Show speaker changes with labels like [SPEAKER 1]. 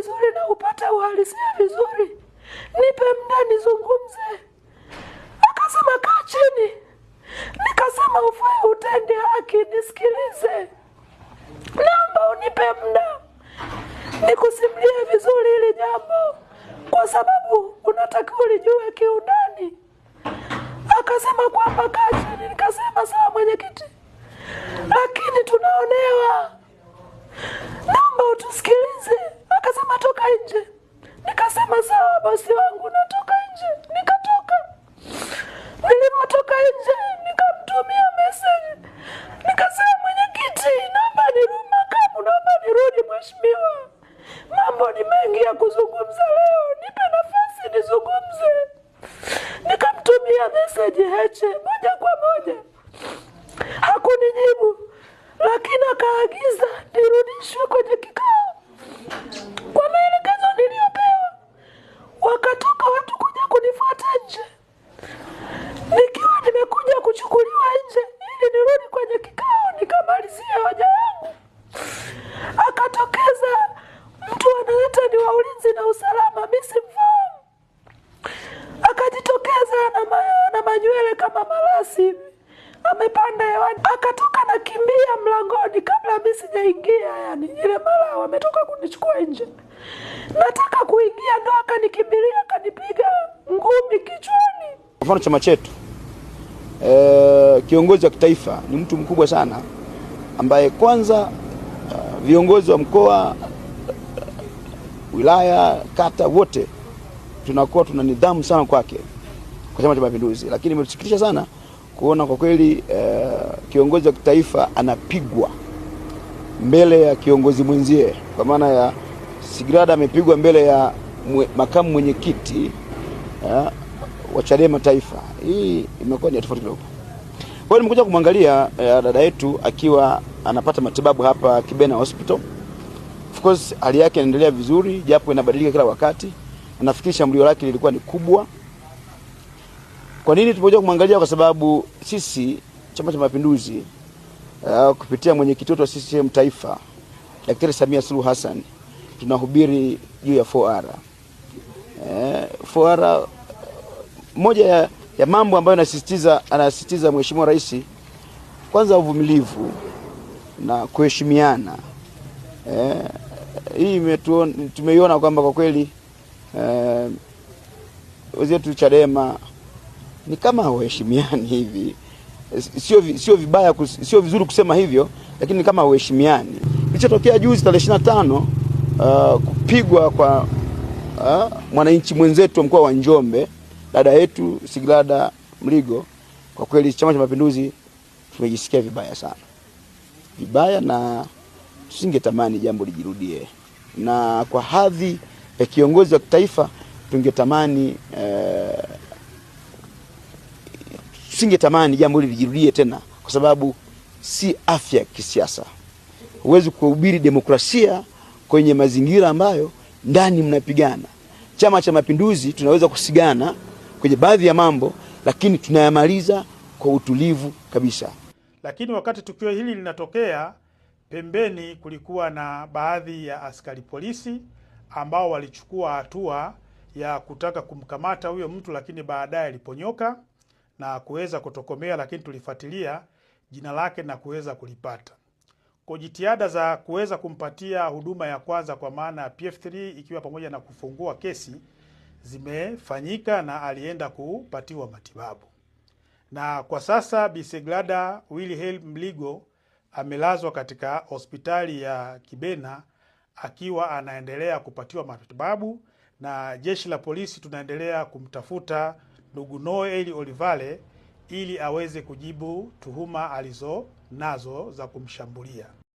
[SPEAKER 1] vizuri na upata uhalisia vizuri, nipe mda nizungumze. Akasema kaa chini. Nikasema ufai utende haki, nisikilize, naomba unipe mda nikusimulie vizuri hili jambo, kwa sababu unatakiwa ulijue kiundani. Akasema kwamba kaa chini. Nikasema sawa mwenyekiti, lakini tunaonewa, naomba utusikilize akasema toka nje. Nikasema sawa basi wangu, natoka nje. Nikatoka. Nilipotoka nje, nikamtumia meseji, nikasema mwenyekiti, naomba nirudi, makamu naomba nirudi, mheshimiwa, mambo ni mengi ya kuzungumza leo, nipe nafasi nizungumze. Nikamtumia meseji Heche moja kwa moja, hakunijibu, lakini akaagiza nirudishwe kwenye kikao. Kwa maelekezo niliyopewa, wakatoka watu kuja kunifuata nje, nikiwa nimekuja kuchukuliwa nje ili nirudi kwenye kikao nikamalizia hoja yangu. Akatokeza mtu anaita ni wa ulinzi na usalama, mimi simfahamu, akajitokeza na, ma, na manywele kama marasi amepanda hewani akatoka na kimbia mlangoni kabla mi sijaingia. Yani ile mara wametoka kunichukua nje, nataka kuingia, ndo akanikimbilia akanipiga ngumi kichwani.
[SPEAKER 2] Kwa mfano chama chetu e, kiongozi wa kitaifa ni mtu mkubwa sana ambaye kwanza eh, viongozi wa mkoa, wilaya, kata wote tunakuwa tuna nidhamu sana kwake kwa Chama cha Mapinduzi, lakini imetusikitisha sana kuona kwa kweli uh, kiongozi wa kitaifa anapigwa mbele ya kiongozi mwenzie, kwa maana ya Sigrada amepigwa mbele ya mwe, makamu mwenyekiti uh, wa Chadema Taifa. Hii imekuwa ni tofauti kidogo. Kwa hiyo nimekuja kumwangalia uh, dada yetu akiwa anapata matibabu hapa Kibena Hospital. Of course hali yake inaendelea vizuri, japo inabadilika kila wakati. Nafikiri shambulio lake lilikuwa ni kubwa. Kwa nini tumekuja kumwangalia? Kwa sababu sisi Chama cha Mapinduzi uh, kupitia mwenyekiti wetu wa CCM Taifa Daktari Samia Suluhu Hassan tunahubiri juu ya 4R. Eh, 4R moja ya, ya mambo ambayo anasisitiza anasisitiza Mheshimiwa Rais, kwanza uvumilivu na kuheshimiana. Eh, hii tumeiona kwamba kwa kweli eh, wenzetu Chadema ni kama hawaheshimiani hivi. Sio sio vibaya, sio vizuri kusema hivyo, lakini ni kama hawaheshimiani. Kilichotokea juzi tarehe 25 uh, kupigwa kwa uh, mwananchi mwenzetu wa mkoa wa Njombe, dada yetu Sigrada Mligo, kwa kweli Chama cha Mapinduzi tumejisikia vibaya sana, vibaya na tusingetamani jambo lijirudie, na kwa hadhi ya kiongozi wa kitaifa tungetamani eh, tamani jambo hili lijirudie tena, kwa sababu si afya kisiasa. Huwezi kuhubiri demokrasia kwenye mazingira ambayo ndani mnapigana. Chama cha Mapinduzi tunaweza kusigana kwenye baadhi ya mambo, lakini tunayamaliza kwa utulivu kabisa.
[SPEAKER 3] Lakini wakati tukio hili linatokea, pembeni kulikuwa na baadhi ya askari polisi ambao walichukua hatua ya kutaka kumkamata huyo mtu, lakini baadaye aliponyoka na kuweza kutokomea, lakini tulifuatilia jina lake na kuweza kulipata. Kwa jitihada za kuweza kumpatia huduma ya kwanza kwa maana ya PF3 ikiwa pamoja na kufungua kesi zimefanyika na alienda kupatiwa matibabu. Na kwa sasa Biseglada Wilhelm Mligo amelazwa katika hospitali ya Kibena akiwa anaendelea kupatiwa matibabu na jeshi la polisi tunaendelea kumtafuta ndugu Noel Olivale ili aweze kujibu tuhuma alizo nazo za kumshambulia.